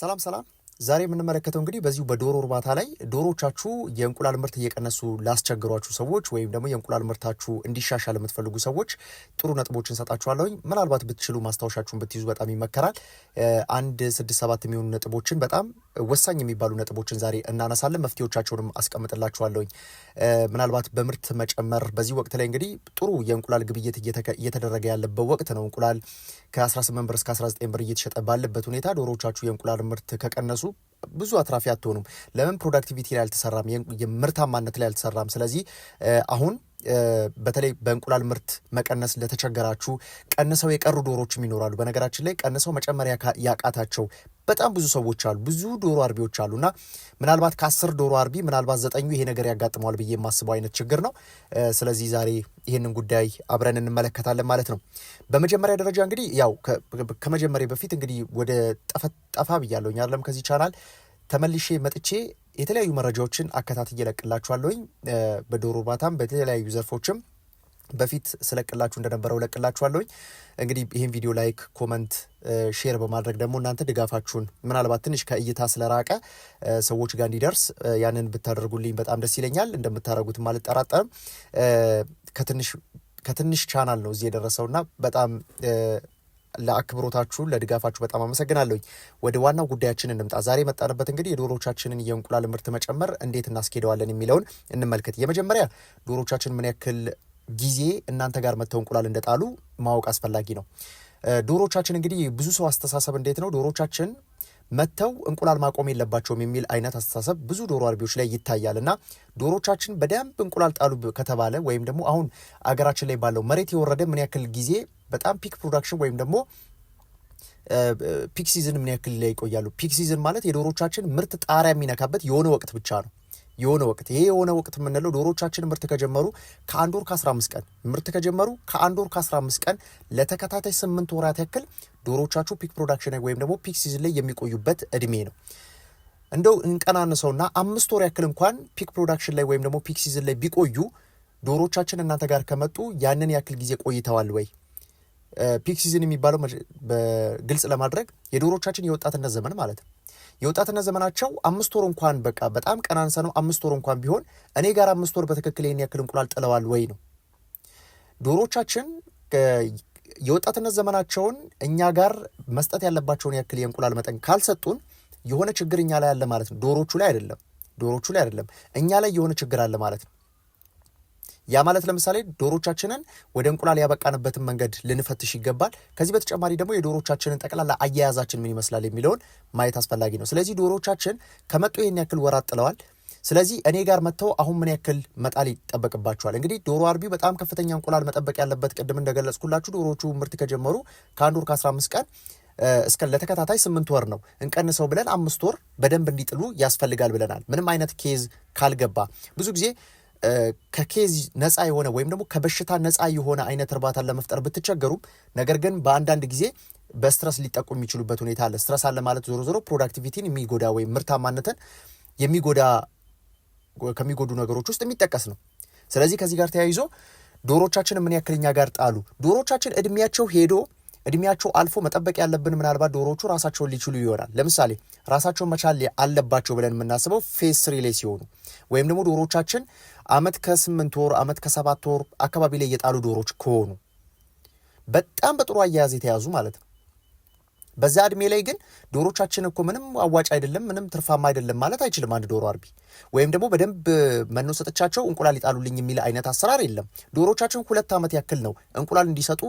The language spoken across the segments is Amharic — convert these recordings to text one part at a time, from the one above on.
ሰላም ሰላም። ዛሬ የምንመለከተው እንግዲህ በዚሁ በዶሮ እርባታ ላይ ዶሮቻችሁ የእንቁላል ምርት እየቀነሱ ላስቸግሯችሁ ሰዎች ወይም ደግሞ የእንቁላል ምርታችሁ እንዲሻሻል የምትፈልጉ ሰዎች ጥሩ ነጥቦችን እንሰጣችኋለሁኝ። ምናልባት ብትችሉ ማስታወሻችሁን ብትይዙ በጣም ይመከራል። አንድ ስድስት ሰባት የሚሆኑ ነጥቦችን በጣም ወሳኝ የሚባሉ ነጥቦችን ዛሬ እናነሳለን። መፍትሄዎቻቸውንም አስቀምጥላችኋለሁኝ። ምናልባት በምርት መጨመር በዚህ ወቅት ላይ እንግዲህ ጥሩ የእንቁላል ግብይት እየተደረገ ያለበት ወቅት ነው። እንቁላል ከ18 ብር እስከ 19 ብር እየተሸጠ ባለበት ሁኔታ ዶሮቻችሁ የእንቁላል ምርት ከቀነሱ ራሱ ብዙ አትራፊ አትሆኑም። ለምን ፕሮዳክቲቪቲ ላይ አልተሰራም፣ የምርታማነት ላይ አልተሰራም። ስለዚህ አሁን በተለይ በእንቁላል ምርት መቀነስ ለተቸገራችሁ ቀንሰው የቀሩ ዶሮዎችም ይኖራሉ። በነገራችን ላይ ቀንሰው መጨመር ያቃታቸው በጣም ብዙ ሰዎች አሉ፣ ብዙ ዶሮ አርቢዎች አሉ እና ምናልባት ከአስር ዶሮ አርቢ ምናልባት ዘጠኙ ይሄ ነገር ያጋጥመዋል ብዬ የማስበው አይነት ችግር ነው። ስለዚህ ዛሬ ይህንን ጉዳይ አብረን እንመለከታለን ማለት ነው። በመጀመሪያ ደረጃ እንግዲህ ያው ከመጀመሪያ በፊት እንግዲህ ወደ ጠፋ ብያለሁ። ከዚህ ቻናል ተመልሼ መጥቼ የተለያዩ መረጃዎችን አከታትዬ እለቅላችኋለሁኝ። በዶሮ እርባታም በተለያዩ ዘርፎችም በፊት ስለቅላችሁ እንደነበረው እለቅላችኋለሁኝ። እንግዲህ ይህን ቪዲዮ ላይክ፣ ኮመንት፣ ሼር በማድረግ ደግሞ እናንተ ድጋፋችሁን ምናልባት ትንሽ ከእይታ ስለራቀ ሰዎች ጋር እንዲደርስ ያንን ብታደርጉልኝ በጣም ደስ ይለኛል። እንደምታደርጉትም አልጠራጠርም። ከትንሽ ከትንሽ ቻናል ነው እዚህ የደረሰውና በጣም ለአክብሮታችሁ ለድጋፋችሁ በጣም አመሰግናለሁኝ። ወደ ዋናው ጉዳያችን እንምጣ። ዛሬ የመጣንበት እንግዲህ የዶሮቻችንን የእንቁላል ምርት መጨመር እንዴት እናስኬደዋለን የሚለውን እንመልከት። የመጀመሪያ ዶሮቻችን ምን ያክል ጊዜ እናንተ ጋር መጥተው እንቁላል እንደጣሉ ማወቅ አስፈላጊ ነው። ዶሮቻችን እንግዲህ ብዙ ሰው አስተሳሰብ እንዴት ነው ዶሮቻችን መጥተው እንቁላል ማቆም የለባቸውም የሚል አይነት አስተሳሰብ ብዙ ዶሮ አርቢዎች ላይ ይታያል። እና ዶሮቻችን በደንብ እንቁላል ጣሉ ከተባለ ወይም ደግሞ አሁን አገራችን ላይ ባለው መሬት የወረደ ምን ያክል ጊዜ በጣም ፒክ ፕሮዳክሽን ወይም ደግሞ ፒክ ሲዝን ምን ያክል ላይ ይቆያሉ? ፒክ ሲዝን ማለት የዶሮቻችን ምርት ጣሪያ የሚነካበት የሆነ ወቅት ብቻ ነው። የሆነ ወቅት ይሄ የሆነ ወቅት የምንለው ዶሮቻችን ምርት ከጀመሩ ከአንድ ወር ከ15 ቀን ምርት ከጀመሩ ከአንድ ወር ከአስራ አምስት ቀን ለተከታታይ ስምንት ወራት ያክል ዶሮቻችሁ ፒክ ፕሮዳክሽን ወይም ደግሞ ፒክ ሲዝን ላይ የሚቆዩበት እድሜ ነው። እንደው እንቀናንሰውና አምስት ወር ያክል እንኳን ፒክ ፕሮዳክሽን ላይ ወይም ደግሞ ፒክ ሲዝን ላይ ቢቆዩ ዶሮቻችን እናንተ ጋር ከመጡ ያንን ያክል ጊዜ ቆይተዋል ወይ? ፒክ ሲዝን የሚባለው በግልጽ ለማድረግ የዶሮቻችን የወጣትነት ዘመን ማለት ነው። የወጣትነት ዘመናቸው አምስት ወር እንኳን በቃ በጣም ቀናንሰ ነው። አምስት ወር እንኳን ቢሆን እኔ ጋር አምስት ወር በትክክል ይህን ያክል እንቁላል ጥለዋል ወይ ነው። ዶሮቻችን የወጣትነት ዘመናቸውን እኛ ጋር መስጠት ያለባቸውን ያክል የእንቁላል መጠን ካልሰጡን የሆነ ችግር እኛ ላይ አለ ማለት ነው። ዶሮቹ ላይ አይደለም፣ ዶሮቹ ላይ አይደለም፣ እኛ ላይ የሆነ ችግር አለ ማለት ነው። ያ ማለት ለምሳሌ ዶሮቻችንን ወደ እንቁላል ያበቃንበትን መንገድ ልንፈትሽ ይገባል። ከዚህ በተጨማሪ ደግሞ የዶሮቻችንን ጠቅላላ አያያዛችን ምን ይመስላል የሚለውን ማየት አስፈላጊ ነው። ስለዚህ ዶሮቻችን ከመጡ ይህን ያክል ወራት ጥለዋል። ስለዚህ እኔ ጋር መጥተው አሁን ምን ያክል መጣል ይጠበቅባቸዋል? እንግዲህ ዶሮ አርቢው በጣም ከፍተኛ እንቁላል መጠበቅ ያለበት ቅድም እንደገለጽኩላችሁ ዶሮዎቹ ምርት ከጀመሩ ከአንድ ወር ከ15 ቀን እስከ ለተከታታይ ስምንት ወር ነው እንቀንሰው ብለን አምስት ወር በደንብ እንዲጥሉ ያስፈልጋል ብለናል። ምንም አይነት ኬዝ ካልገባ ብዙ ጊዜ ከኬዝ ነፃ የሆነ ወይም ደግሞ ከበሽታ ነፃ የሆነ አይነት እርባታን ለመፍጠር ብትቸገሩም ነገር ግን በአንዳንድ ጊዜ በስትረስ ሊጠቁ የሚችሉበት ሁኔታ አለ። ስትረስ አለ ማለት ዞሮ ዞሮ ፕሮዳክቲቪቲን የሚጎዳ ወይም ምርታማነትን የሚጎዳ ከሚጎዱ ነገሮች ውስጥ የሚጠቀስ ነው። ስለዚህ ከዚህ ጋር ተያይዞ ዶሮቻችን ምን ያክል እኛ ጋር ጣሉ? ዶሮቻችን እድሜያቸው ሄዶ እድሜያቸው አልፎ መጠበቅ ያለብን ምናልባት ዶሮዎቹ ራሳቸውን ሊችሉ ይሆናል። ለምሳሌ ራሳቸውን መቻል አለባቸው ብለን የምናስበው ፌስ ስሪ ላይ ሲሆኑ ወይም ደግሞ ዶሮዎቻችን አመት ከስምንት ወር አመት ከሰባት ወር አካባቢ ላይ የጣሉ ዶሮዎች ከሆኑ በጣም በጥሩ አያያዝ የተያዙ ማለት ነው። በዛ እድሜ ላይ ግን ዶሮቻችን እኮ ምንም አዋጭ አይደለም፣ ምንም ትርፋማ አይደለም ማለት አይችልም አንድ ዶሮ አርቢ። ወይም ደግሞ በደንብ መኖ ሰጥቻቸው እንቁላል ይጣሉልኝ የሚል አይነት አሰራር የለም። ዶሮቻችን ሁለት ዓመት ያክል ነው እንቁላል እንዲሰጡ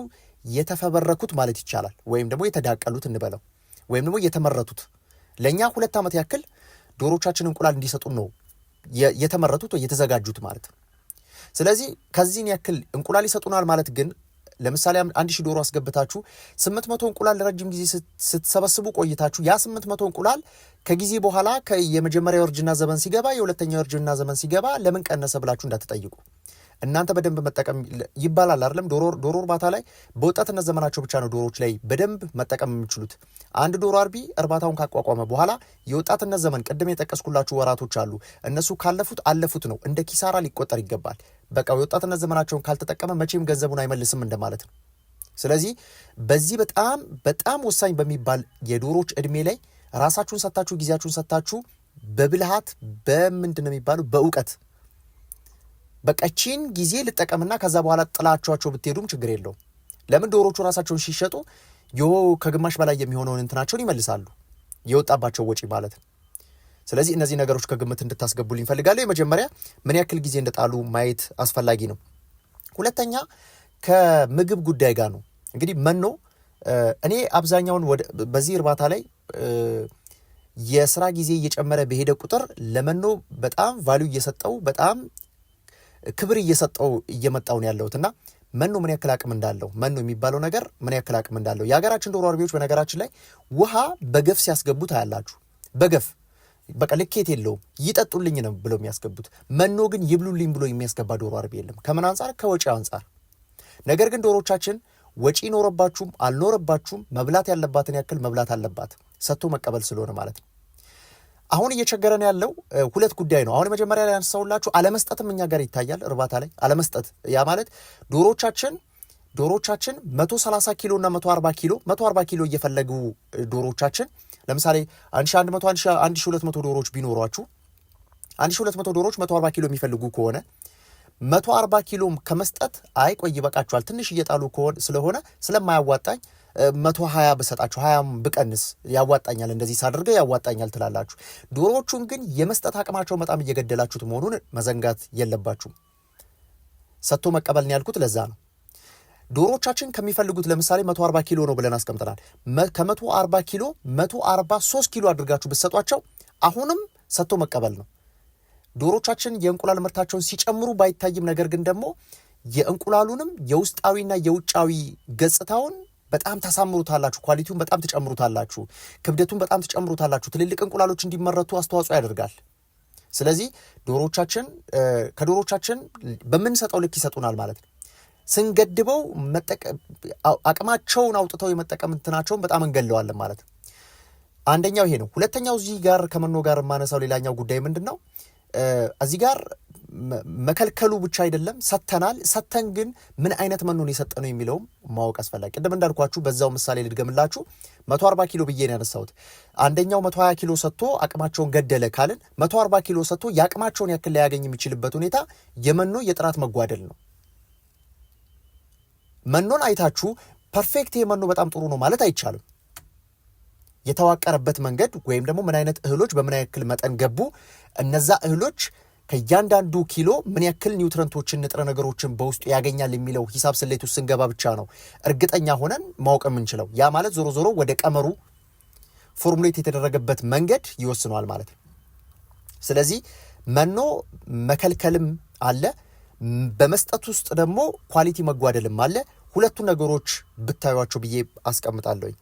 የተፈበረኩት ማለት ይቻላል ወይም ደግሞ የተዳቀሉት እንበለው ወይም ደግሞ የተመረቱት ለእኛ ሁለት ዓመት ያክል ዶሮቻችን እንቁላል እንዲሰጡን ነው የተመረቱት ወይ የተዘጋጁት ማለት ነው። ስለዚህ ከዚህን ያክል እንቁላል ይሰጡናል ማለት ግን ለምሳሌ አንድ ሺህ ዶሮ አስገብታችሁ ስምንት መቶ እንቁላል ለረጅም ጊዜ ስትሰበስቡ ቆይታችሁ ያ ስምንት መቶ እንቁላል ከጊዜ በኋላ የመጀመሪያው እርጅና ዘመን ሲገባ የሁለተኛው እርጅና ዘመን ሲገባ ለምን ቀነሰ ብላችሁ እንዳትጠይቁ። እናንተ በደንብ መጠቀም ይባላል አይደለም። ዶሮ እርባታ ላይ በወጣትነት ዘመናቸው ብቻ ነው ዶሮዎች ላይ በደንብ መጠቀም የሚችሉት። አንድ ዶሮ አርቢ እርባታውን ካቋቋመ በኋላ የወጣትነት ዘመን ቅድም የጠቀስኩላችሁ ወራቶች አሉ። እነሱ ካለፉት አለፉት ነው፣ እንደ ኪሳራ ሊቆጠር ይገባል። በቃ የወጣትነት ዘመናቸውን ካልተጠቀመ መቼም ገንዘቡን አይመልስም እንደማለት ነው። ስለዚህ በዚህ በጣም በጣም ወሳኝ በሚባል የዶሮዎች እድሜ ላይ ራሳችሁን ሰታችሁ ጊዜያችሁን ሰታችሁ በብልሃት በምንድን ነው የሚባለው በእውቀት በቀቺን ጊዜ ልጠቀምና ከዛ በኋላ ጥላቸኋቸው ብትሄዱም ችግር የለውም። ለምን ዶሮቹ ራሳቸውን ሲሸጡ ዮ ከግማሽ በላይ የሚሆነውን እንትናቸውን ይመልሳሉ፣ የወጣባቸው ወጪ ማለት ነው። ስለዚህ እነዚህ ነገሮች ከግምት እንድታስገቡል እፈልጋለሁ። የመጀመሪያ ምን ያክል ጊዜ እንደጣሉ ማየት አስፈላጊ ነው። ሁለተኛ ከምግብ ጉዳይ ጋር ነው። እንግዲህ መኖ እኔ አብዛኛውን በዚህ እርባታ ላይ የስራ ጊዜ እየጨመረ በሄደ ቁጥር ለመኖ በጣም ቫሊዩ እየሰጠው በጣም ክብር እየሰጠው እየመጣው ነው ያለሁት እና መኖ ምን ያክል አቅም እንዳለው መኖ የሚባለው ነገር ምን ያክል አቅም እንዳለው የሀገራችን ዶሮ አርቢዎች በነገራችን ላይ ውሃ በገፍ ሲያስገቡ ታያላችሁ። በገፍ በቃ ልኬት የለውም ይጠጡልኝ ነው ብለው የሚያስገቡት። መኖ ግን ይብሉልኝ ብሎ የሚያስገባ ዶሮ አርቢ የለም። ከምን አንጻር? ከወጪ አንጻር። ነገር ግን ዶሮቻችን ወጪ ኖረባችሁም አልኖረባችሁም መብላት ያለባትን ያክል መብላት አለባት፣ ሰጥቶ መቀበል ስለሆነ ማለት ነው። አሁን እየቸገረን ያለው ሁለት ጉዳይ ነው። አሁን የመጀመሪያ ላይ ያነሳሁላችሁ አለመስጠትም እኛ ጋር ይታያል። እርባታ ላይ አለመስጠት፣ ያ ማለት ዶሮቻችን ዶሮቻችን 130 ኪሎ እና 140 ኪሎ 140 ኪሎ እየፈለጉ ዶሮቻችን ለምሳሌ 1100 1200 ዶሮች ቢኖሯችሁ 1200 ዶሮች 140 ኪሎ የሚፈልጉ ከሆነ 140 ኪሎ ከመስጠት አይ ቆይ ይበቃችኋል ትንሽ እየጣሉ ስለሆነ ስለማያዋጣኝ መቶ ሀያ ብሰጣችሁ ሀያም ብቀንስ ያዋጣኛል፣ እንደዚህ ሳድርገ ያዋጣኛል ትላላችሁ። ዶሮዎቹን ግን የመስጠት አቅማቸውን በጣም እየገደላችሁት መሆኑን መዘንጋት የለባችሁም። ሰጥቶ መቀበልን ያልኩት ለዛ ነው። ዶሮቻችን ከሚፈልጉት ለምሳሌ መቶ አርባ ኪሎ ነው ብለን አስቀምጠናል ከመቶ አርባ ኪሎ ሶስት ኪሎ አድርጋችሁ ብትሰጧቸው አሁንም ሰጥቶ መቀበል ነው። ዶሮቻችን የእንቁላል ምርታቸውን ሲጨምሩ ባይታይም፣ ነገር ግን ደግሞ የእንቁላሉንም የውስጣዊና የውጫዊ ገጽታውን በጣም ታሳምሩታላችሁ፣ ኳሊቲውን በጣም ትጨምሩታላችሁ፣ ክብደቱን በጣም ትጨምሩታላችሁ። ትልልቅ እንቁላሎች እንዲመረቱ አስተዋጽኦ ያደርጋል። ስለዚህ ዶሮቻችን ከዶሮቻችን በምንሰጠው ልክ ይሰጡናል ማለት ነው። ስንገድበው አቅማቸውን አውጥተው የመጠቀም እንትናቸውን በጣም እንገለዋለን ማለት ነው። አንደኛው ይሄ ነው። ሁለተኛው እዚህ ጋር ከመኖ ጋር የማነሳው ሌላኛው ጉዳይ ምንድን ነው? እዚህ ጋር መከልከሉ ብቻ አይደለም ሰተናል። ሰተን ግን ምን አይነት መኖን ነው የሚለውም ማወቅ አስፈላጊ። ቅድም እንዳልኳችሁ በዛው ምሳሌ ልድገምላችሁ። 140 ኪሎ ብዬ ነው ያነሳሁት። አንደኛው 120 ኪሎ ሰጥቶ አቅማቸውን ገደለ ካልን 140 ኪሎ ሰጥቶ የአቅማቸውን ያክል ላያገኝ የሚችልበት ሁኔታ የመኖ የጥራት መጓደል ነው። መኖን አይታችሁ ፐርፌክት የመኖ በጣም ጥሩ ነው ማለት አይቻልም። የተዋቀረበት መንገድ ወይም ደግሞ ምን አይነት እህሎች በምን ያክል መጠን ገቡ እነዛ እህሎች ከእያንዳንዱ ኪሎ ምን ያክል ኒውትረንቶችን ንጥረ ነገሮችን በውስጡ ያገኛል የሚለው ሂሳብ ስሌት ውስጥ ስንገባ ብቻ ነው እርግጠኛ ሆነን ማወቅ የምንችለው። ያ ማለት ዞሮ ዞሮ ወደ ቀመሩ ፎርሙሌት የተደረገበት መንገድ ይወስኗል ማለት ነው። ስለዚህ መኖ መከልከልም አለ፣ በመስጠት ውስጥ ደግሞ ኳሊቲ መጓደልም አለ። ሁለቱ ነገሮች ብታዩቸው ብዬ አስቀምጣለሁኝ።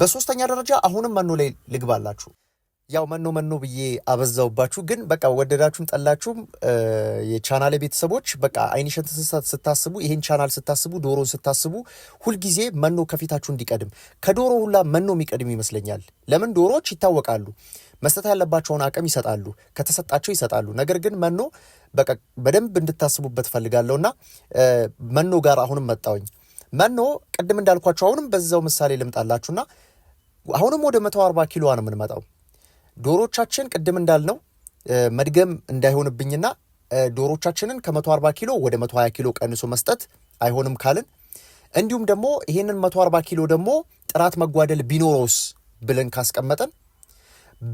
በሶስተኛ ደረጃ አሁንም መኖ ላይ ልግባላችሁ። ያው መኖ መኖ ብዬ አበዛውባችሁ፣ ግን በቃ ወደዳችሁም ጠላችሁም የቻናል ቤተሰቦች በቃ አይንሸት እንስሳት ስታስቡ፣ ይሄን ቻናል ስታስቡ፣ ዶሮን ስታስቡ ሁልጊዜ መኖ ከፊታችሁ እንዲቀድም ከዶሮ ሁላ መኖ የሚቀድም ይመስለኛል። ለምን ዶሮዎች ይታወቃሉ፣ መስጠት ያለባቸውን አቅም ይሰጣሉ፣ ከተሰጣቸው ይሰጣሉ። ነገር ግን መኖ በቃ በደንብ እንድታስቡበት ፈልጋለሁና መኖ ጋር አሁንም መጣውኝ። መኖ ቅድም እንዳልኳቸው አሁንም በዛው ምሳሌ ልምጣላችሁና አሁንም ወደ 140 ኪሎዋ ነው የምንመጣው ዶሮቻችን ቅድም እንዳልነው መድገም እንዳይሆንብኝና ዶሮቻችንን ከ140 ኪሎ ወደ 120 ኪሎ ቀንሶ መስጠት አይሆንም ካልን እንዲሁም ደግሞ ይሄንን 140 ኪሎ ደግሞ ጥራት መጓደል ቢኖረውስ ብለን ካስቀመጠን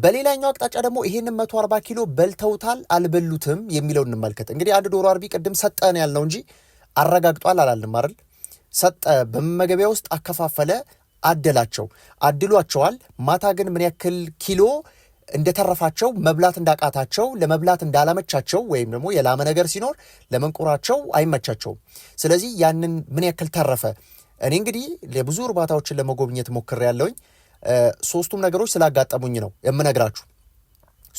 በሌላኛው አቅጣጫ ደግሞ ይሄንን 140 ኪሎ በልተውታል አልበሉትም የሚለው እንመልከት። እንግዲህ አንድ ዶሮ አርቢ ቅድም ሰጠን ያልነው እንጂ አረጋግጧል አላልንም አይደል? ሰጠ፣ በመመገቢያ ውስጥ አከፋፈለ፣ አደላቸው፣ አድሏቸዋል። ማታ ግን ምን ያክል ኪሎ እንደተረፋቸው መብላት እንዳቃታቸው ለመብላት እንዳላመቻቸው ወይም ደግሞ የላመ ነገር ሲኖር ለመንቁራቸው አይመቻቸውም። ስለዚህ ያንን ምን ያክል ተረፈ? እኔ እንግዲህ ለብዙ እርባታዎችን ለመጎብኘት ሞክሬ ያለውኝ ሶስቱም ነገሮች ስላጋጠሙኝ ነው የምነግራችሁ።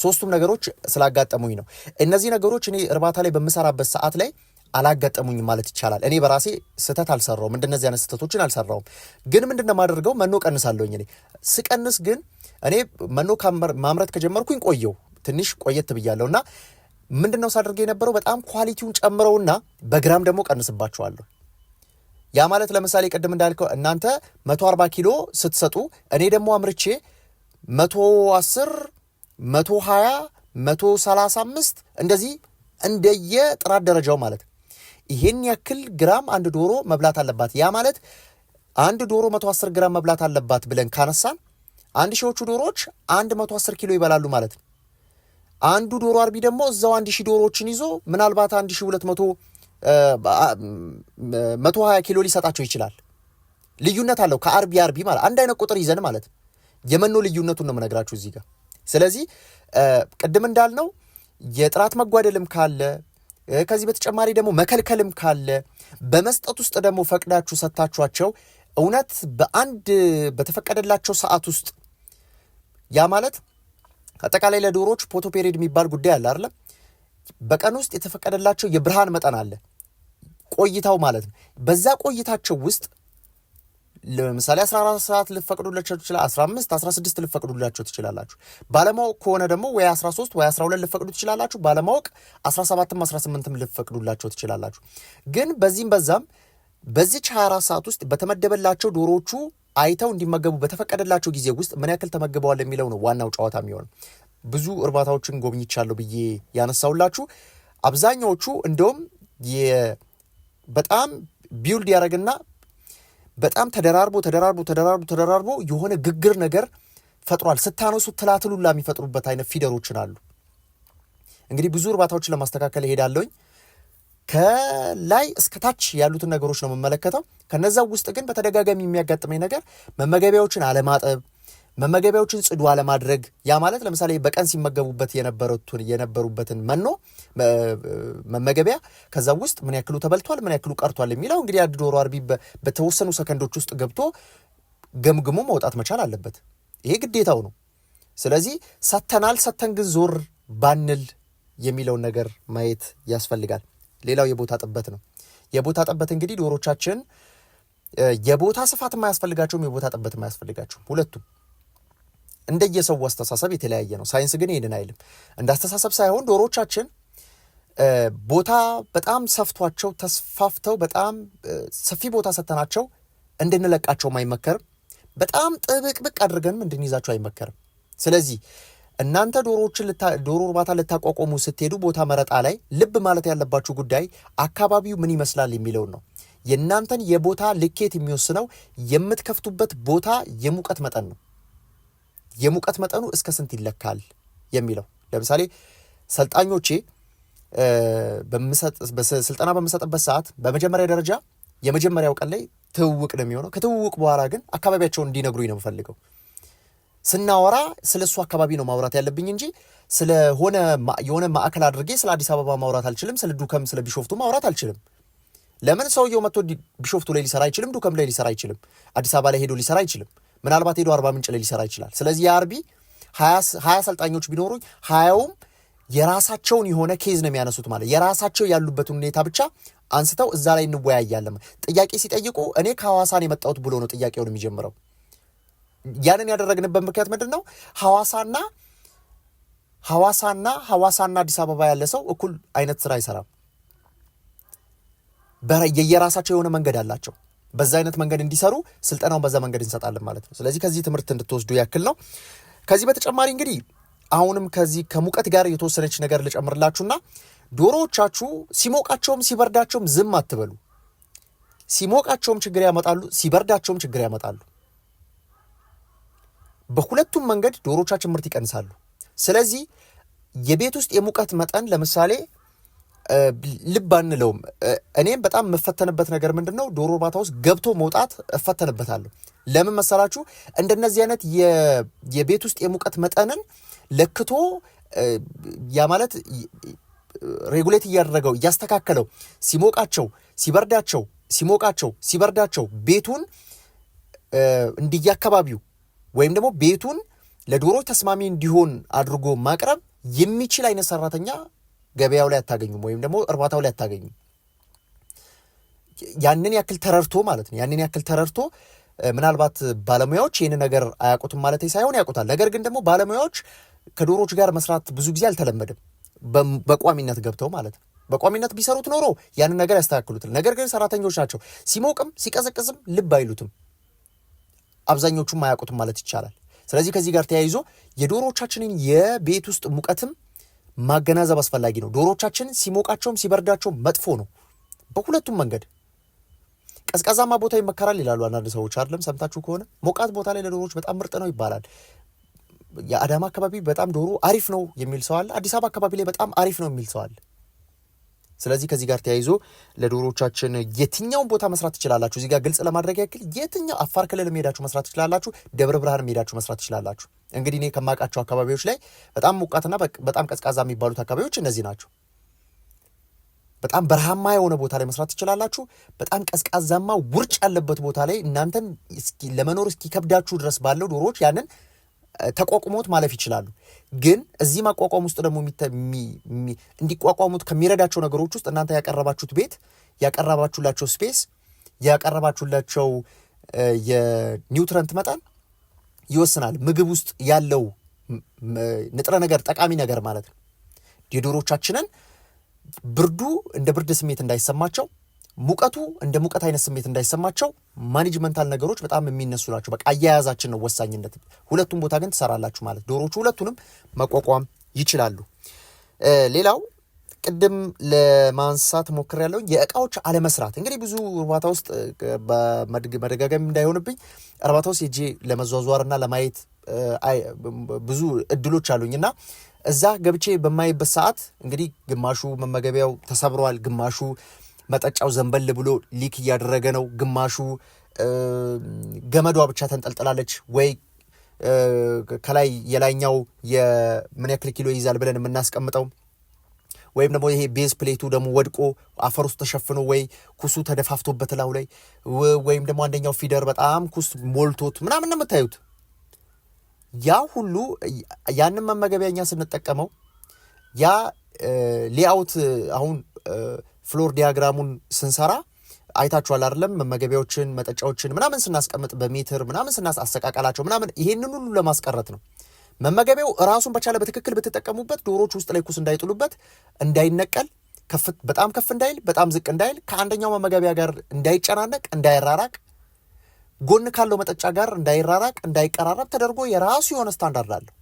ሶስቱም ነገሮች ስላጋጠሙኝ ነው። እነዚህ ነገሮች እኔ እርባታ ላይ በምሰራበት ሰዓት ላይ አላጋጠሙኝ ማለት ይቻላል። እኔ በራሴ ስህተት አልሰራውም፣ እንደነዚህ አይነት ስህተቶችን አልሰራውም። ግን ምንድን ነው የማደርገው? መኖ ቀንሳለሁኝ። እኔ ስቀንስ ግን እኔ መኖ ማምረት ከጀመርኩኝ ቆየው ትንሽ ቆየት ብያለሁ እና ምንድን ነው ሳደርገ የነበረው በጣም ኳሊቲውን ጨምረውና በግራም ደግሞ ቀንስባቸዋለሁ። ያ ማለት ለምሳሌ ቅድም እንዳልከው እናንተ 140 ኪሎ ስትሰጡ እኔ ደግሞ አምርቼ 110፣ 120፣ 135 እንደዚህ እንደየ ጥራት ደረጃው ማለት ይሄን ያክል ግራም አንድ ዶሮ መብላት አለባት። ያ ማለት አንድ ዶሮ 110 ግራም መብላት አለባት ብለን ካነሳን አንድ ሺዎቹ ዶሮዎች 110 ኪሎ ይበላሉ ማለት ነው። አንዱ ዶሮ አርቢ ደግሞ እዛው አንድ ሺህ ዶሮዎችን ይዞ ምናልባት አንድ ሺህ ሁለት መቶ መቶ ሀያ ኪሎ ሊሰጣቸው ይችላል። ልዩነት አለው ከአርቢ አርቢ ማለት አንድ አይነት ቁጥር ይዘን ማለት ነው። የመኖ ልዩነቱን ነው የምነግራችሁ እዚህ ጋር። ስለዚህ ቅድም እንዳልነው የጥራት መጓደልም ካለ ከዚህ በተጨማሪ ደግሞ መከልከልም ካለ በመስጠት ውስጥ ደግሞ ፈቅዳችሁ ሰጥታችኋቸው እውነት በአንድ በተፈቀደላቸው ሰዓት ውስጥ ያ ማለት አጠቃላይ ለዶሮዎች ፎቶ ፔሪድ የሚባል ጉዳይ አለ አይደለም። በቀን ውስጥ የተፈቀደላቸው የብርሃን መጠን አለ ቆይታው ማለት ነው። በዛ ቆይታቸው ውስጥ ለምሳሌ 14 ሰዓት ልፈቅዱላቸው ትችላል። 15 16 ልፈቅዱላቸው ትችላላችሁ። ባለማወቅ ከሆነ ደግሞ ወይ 13 ወይ 12 ልፈቅዱ ትችላላችሁ። ባለማወቅ 17ም 18ም ልፈቅዱላቸው ትችላላችሁ። ግን በዚህም በዛም በዚች 24 ሰዓት ውስጥ በተመደበላቸው ዶሮዎቹ አይተው እንዲመገቡ በተፈቀደላቸው ጊዜ ውስጥ ምን ያክል ተመግበዋል የሚለው ነው ዋናው ጨዋታ የሚሆን። ብዙ እርባታዎችን ጎብኝቻለሁ ብዬ ያነሳውላችሁ አብዛኛዎቹ እንደውም በጣም ቢውልድ ያደረግና በጣም ተደራርቦ ተደራርቦ ተደራርቦ ተደራርቦ የሆነ ግግር ነገር ፈጥሯል። ስታነሱ ትላትሉላ የሚፈጥሩበት አይነት ፊደሮችን አሉ። እንግዲህ ብዙ እርባታዎችን ለማስተካከል እሄዳለሁኝ። ከላይ እስከ ታች ያሉትን ነገሮች ነው የምመለከተው። ከነዛ ውስጥ ግን በተደጋጋሚ የሚያጋጥመኝ ነገር መመገቢያዎችን አለማጠብ መመገቢያዎችን ጽዱ አለማድረግ ያ ማለት ለምሳሌ በቀን ሲመገቡበት የነበሩትን የነበሩበትን መኖ መመገቢያ ከዛ ውስጥ ምን ያክሉ ተበልቷል፣ ምን ያክሉ ቀርቷል የሚለው እንግዲህ አንድ ዶሮ አርቢ በተወሰኑ ሰከንዶች ውስጥ ገብቶ ገምግሞ መውጣት መቻል አለበት። ይሄ ግዴታው ነው። ስለዚህ ሰተናል ሰተን ግን ዞር ባንል የሚለውን ነገር ማየት ያስፈልጋል። ሌላው የቦታ ጥበት ነው። የቦታ ጥበት እንግዲህ ዶሮቻችን የቦታ ስፋት የማያስፈልጋቸውም የቦታ ጥበት የማያስፈልጋቸውም ሁለቱም እንደየሰው አስተሳሰብ የተለያየ ነው። ሳይንስ ግን ይህንን አይልም። እንደ አስተሳሰብ ሳይሆን ዶሮቻችን ቦታ በጣም ሰፍቷቸው ተስፋፍተው በጣም ሰፊ ቦታ ሰተናቸው እንድንለቃቸውም አይመከርም። በጣም ጥብቅብቅ አድርገንም እንድንይዛቸው አይመከርም። ስለዚህ እናንተ ዶሮዎችን ዶሮ እርባታ ልታቋቋሙ ስትሄዱ ቦታ መረጣ ላይ ልብ ማለት ያለባችሁ ጉዳይ አካባቢው ምን ይመስላል የሚለውን ነው። የእናንተን የቦታ ልኬት የሚወስነው የምትከፍቱበት ቦታ የሙቀት መጠን ነው። የሙቀት መጠኑ እስከ ስንት ይለካል የሚለው ለምሳሌ ሰልጣኞቼ ስልጠና በምሰጥበት ሰዓት በመጀመሪያ ደረጃ የመጀመሪያው ቀን ላይ ትውውቅ ነው የሚሆነው። ከትውውቅ በኋላ ግን አካባቢያቸውን እንዲነግሩኝ ነው የምፈልገው። ስናወራ ስለ እሱ አካባቢ ነው ማውራት ያለብኝ እንጂ ስለሆነ የሆነ ማዕከል አድርጌ ስለ አዲስ አበባ ማውራት አልችልም። ስለ ዱከም፣ ስለ ቢሾፍቱ ማውራት አልችልም። ለምን? ሰውየው መጥቶ ቢሾፍቱ ላይ ሊሰራ አይችልም፣ ዱከም ላይ ሊሰራ አይችልም፣ አዲስ አበባ ላይ ሄዶ ሊሰራ አይችልም። ምናልባት ሄዶ አርባ ምንጭ ላይ ሊሰራ ይችላል። ስለዚህ የአርቢ ሀያ አሰልጣኞች ቢኖሩኝ ሀያውም የራሳቸውን የሆነ ኬዝ ነው የሚያነሱት። ማለት የራሳቸው ያሉበትን ሁኔታ ብቻ አንስተው እዛ ላይ እንወያያለን። ጥያቄ ሲጠይቁ እኔ ከሐዋሳን የመጣሁት ብሎ ነው ጥያቄውን የሚጀምረው። ያንን ያደረግንበት ምክንያት ምንድን ነው? ሐዋሳና ሐዋሳና ሐዋሳና አዲስ አበባ ያለ ሰው እኩል አይነት ስራ አይሰራም። የየራሳቸው የሆነ መንገድ አላቸው። በዛ አይነት መንገድ እንዲሰሩ ስልጠናውን በዛ መንገድ እንሰጣለን ማለት ነው። ስለዚህ ከዚህ ትምህርት እንድትወስዱ ያክል ነው። ከዚህ በተጨማሪ እንግዲህ አሁንም ከዚህ ከሙቀት ጋር የተወሰነች ነገር ልጨምርላችሁና ዶሮዎቻችሁ ሲሞቃቸውም ሲበርዳቸውም ዝም አትበሉ። ሲሞቃቸውም ችግር ያመጣሉ፣ ሲበርዳቸውም ችግር ያመጣሉ። በሁለቱም መንገድ ዶሮቻችን ምርት ይቀንሳሉ። ስለዚህ የቤት ውስጥ የሙቀት መጠን ለምሳሌ ልብ አንለውም። እኔም በጣም የምፈተንበት ነገር ምንድን ነው፣ ዶሮ እርባታ ውስጥ ገብቶ መውጣት እፈተንበታለሁ። ለምን መሰላችሁ? እንደነዚህ አይነት የቤት ውስጥ የሙቀት መጠንን ለክቶ ያ ማለት ሬጉሌት እያደረገው እያስተካከለው ሲሞቃቸው ሲበርዳቸው ሲሞቃቸው ሲበርዳቸው ቤቱን እንዲያካባቢው ወይም ደግሞ ቤቱን ለዶሮ ተስማሚ እንዲሆን አድርጎ ማቅረብ የሚችል አይነት ሰራተኛ ገበያው ላይ አታገኙም፣ ወይም ደግሞ እርባታው ላይ አታገኙም። ያንን ያክል ተረድቶ ማለት ነው። ያንን ያክል ተረድቶ ምናልባት ባለሙያዎች ይህን ነገር አያውቁትም ማለት ሳይሆን ያውቁታል። ነገር ግን ደግሞ ባለሙያዎች ከዶሮዎች ጋር መስራት ብዙ ጊዜ አልተለመደም፣ በቋሚነት ገብተው ማለት ነው። በቋሚነት ቢሰሩት ኖሮ ያንን ነገር ያስተካክሉታል። ነገር ግን ሰራተኞች ናቸው። ሲሞቅም ሲቀዘቅዝም ልብ አይሉትም። አብዛኞቹም አያውቁትም ማለት ይቻላል። ስለዚህ ከዚህ ጋር ተያይዞ የዶሮዎቻችንን የቤት ውስጥ ሙቀትም ማገናዘብ አስፈላጊ ነው። ዶሮቻችን ሲሞቃቸውም ሲበርዳቸው መጥፎ ነው። በሁለቱም መንገድ ቀዝቃዛማ ቦታ ይመከራል ይላሉ አንዳንድ ሰዎች አይደለም፣ ሰምታችሁ ከሆነ ሞቃት ቦታ ላይ ለዶሮዎች በጣም ምርጥ ነው ይባላል። የአዳማ አካባቢ በጣም ዶሮ አሪፍ ነው የሚል ሰው አለ። አዲስ አበባ አካባቢ ላይ በጣም አሪፍ ነው የሚል ሰው አለ። ስለዚህ ከዚህ ጋር ተያይዞ ለዶሮቻችን የትኛውን ቦታ መስራት ትችላላችሁ። እዚህ ጋር ግልጽ ለማድረግ ያክል የትኛው አፋር ክልል ሄዳችሁ መስራት ትችላላችሁ። ደብረ ብርሃን ሄዳችሁ መስራት ትችላላችሁ። እንግዲህ እኔ ከማውቃቸው አካባቢዎች ላይ በጣም ሞቃትና በጣም ቀዝቃዛ የሚባሉት አካባቢዎች እነዚህ ናቸው። በጣም በረሃማ የሆነ ቦታ ላይ መስራት ትችላላችሁ። በጣም ቀዝቃዛማ ውርጭ ያለበት ቦታ ላይ እናንተን ለመኖር እስኪከብዳችሁ ድረስ ባለው ዶሮዎች ያንን ተቋቁሞት ማለፍ ይችላሉ። ግን እዚህ ማቋቋም ውስጥ ደግሞ እንዲቋቋሙት ከሚረዳቸው ነገሮች ውስጥ እናንተ ያቀረባችሁት ቤት፣ ያቀረባችሁላቸው ስፔስ፣ ያቀረባችሁላቸው የኒውትረንት መጠን ይወስናል። ምግብ ውስጥ ያለው ንጥረ ነገር ጠቃሚ ነገር ማለት ነው። የዶሮቻችንን ብርዱ እንደ ብርድ ስሜት እንዳይሰማቸው፣ ሙቀቱ እንደ ሙቀት አይነት ስሜት እንዳይሰማቸው ማኔጅመንታል ነገሮች በጣም የሚነሱ ናቸው። በቃ አያያዛችን ነው ወሳኝነት። ሁለቱም ቦታ ግን ትሰራላችሁ ማለት ዶሮቹ ሁለቱንም መቋቋም ይችላሉ። ሌላው ቅድም ለማንሳት ያለው የእቃዎች አለመስራት። እንግዲህ ብዙ እርባታ ውስጥ በመደጋጋሚ እንዳይሆንብኝ እርባታ ውስጥ ሄጄ ለመዟዟርና ለማየት ብዙ እድሎች አሉኝ እና እዛ ገብቼ በማይበት ሰዓት እንግዲህ ግማሹ መመገቢያው ተሰብሯል፣ ግማሹ መጠጫው ዘንበል ብሎ ሊክ እያደረገ ነው፣ ግማሹ ገመዷ ብቻ ተንጠልጥላለች ወይ ከላይ የላይኛው የምን ያክል ኪሎ ይይዛል ብለን የምናስቀምጠው ወይም ደግሞ ይሄ ቤዝ ፕሌቱ ደግሞ ወድቆ አፈር ውስጥ ተሸፍኖ ወይ ኩሱ ተደፋፍቶበት ላው ላይ ወይም ደግሞ አንደኛው ፊደር በጣም ኩስ ሞልቶት ምናምን ነው የምታዩት። ያ ሁሉ ያንን መመገቢያ እኛ ስንጠቀመው ያ ሌአውት አሁን ፍሎር ዲያግራሙን ስንሰራ አይታችኋል አይደለም? መመገቢያዎችን፣ መጠጫዎችን ምናምን ስናስቀምጥ በሜትር ምናምን ስናስ አሰቃቀላቸው ምናምን ይሄንን ሁሉ ለማስቀረት ነው። መመገቢያው ራሱን በቻለ በትክክል ብትጠቀሙበት ዶሮዎች ውስጥ ላይ ኩስ እንዳይጥሉበት፣ እንዳይነቀል፣ በጣም ከፍ እንዳይል፣ በጣም ዝቅ እንዳይል፣ ከአንደኛው መመገቢያ ጋር እንዳይጨናነቅ፣ እንዳይራራቅ፣ ጎን ካለው መጠጫ ጋር እንዳይራራቅ፣ እንዳይቀራረብ ተደርጎ የራሱ የሆነ ስታንዳርድ አለው።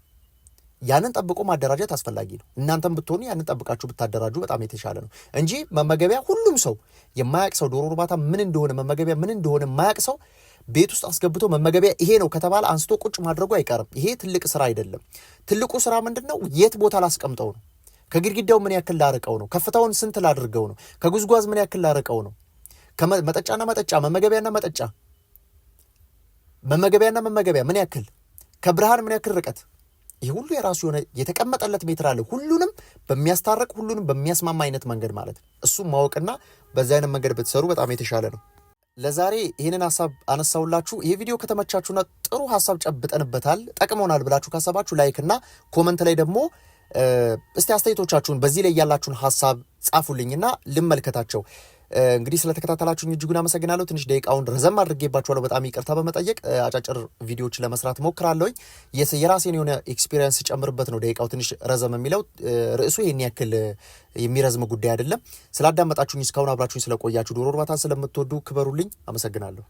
ያንን ጠብቆ ማደራጀት አስፈላጊ ነው። እናንተም ብትሆኑ ያንን ጠብቃችሁ ብታደራጁ በጣም የተሻለ ነው እንጂ መመገቢያ ሁሉም ሰው የማያቅ ሰው ዶሮ እርባታ ምን እንደሆነ መመገቢያ ምን እንደሆነ የማያቅ ሰው ቤት ውስጥ አስገብቶ መመገቢያ ይሄ ነው ከተባለ አንስቶ ቁጭ ማድረጉ አይቀርም። ይሄ ትልቅ ስራ አይደለም። ትልቁ ስራ ምንድን ነው? የት ቦታ ላስቀምጠው ነው? ከግድግዳው ምን ያክል ላርቀው ነው? ከፍታውን ስንት ላድርገው ነው? ከጉዝጓዝ ምን ያክል ላርቀው ነው? መጠጫና መጠጫ፣ መመገቢያና መጠጫ፣ መመገቢያና መመገቢያ ምን ያክል፣ ከብርሃን ምን ያክል ርቀት ይህ ሁሉ የራሱ የሆነ የተቀመጠለት ሜትር አለ። ሁሉንም በሚያስታርቅ ሁሉንም በሚያስማማ አይነት መንገድ ማለት እሱም ማወቅና በዚ አይነት መንገድ ብትሰሩ በጣም የተሻለ ነው። ለዛሬ ይህንን ሀሳብ አነሳውላችሁ። ይህ ቪዲዮ ከተመቻችሁና ጥሩ ሀሳብ ጨብጠንበታል ጠቅመናል ብላችሁ ካሰባችሁ ላይክ እና ኮመንት ላይ ደግሞ እስቲ አስተያየቶቻችሁን በዚህ ላይ ያላችሁን ሀሳብ ጻፉልኝና ልመልከታቸው። እንግዲህ ስለተከታተላችሁኝ እጅጉን አመሰግናለሁ። ትንሽ ደቂቃውን ረዘም አድርጌባችኋለሁ በጣም ይቅርታ በመጠየቅ አጫጭር ቪዲዮዎች ለመስራት ሞክራለሁኝ። የራሴን የሆነ ኤክስፒሪየንስ ጨምርበት ነው ደቂቃው ትንሽ ረዘም የሚለው ርዕሱ ይህን ያክል የሚረዝም ጉዳይ አይደለም። ስላዳመጣችሁኝ፣ እስካሁን አብራችሁኝ ስለቆያችሁ፣ ዶሮ እርባታን ስለምትወዱ ክበሩልኝ። አመሰግናለሁ።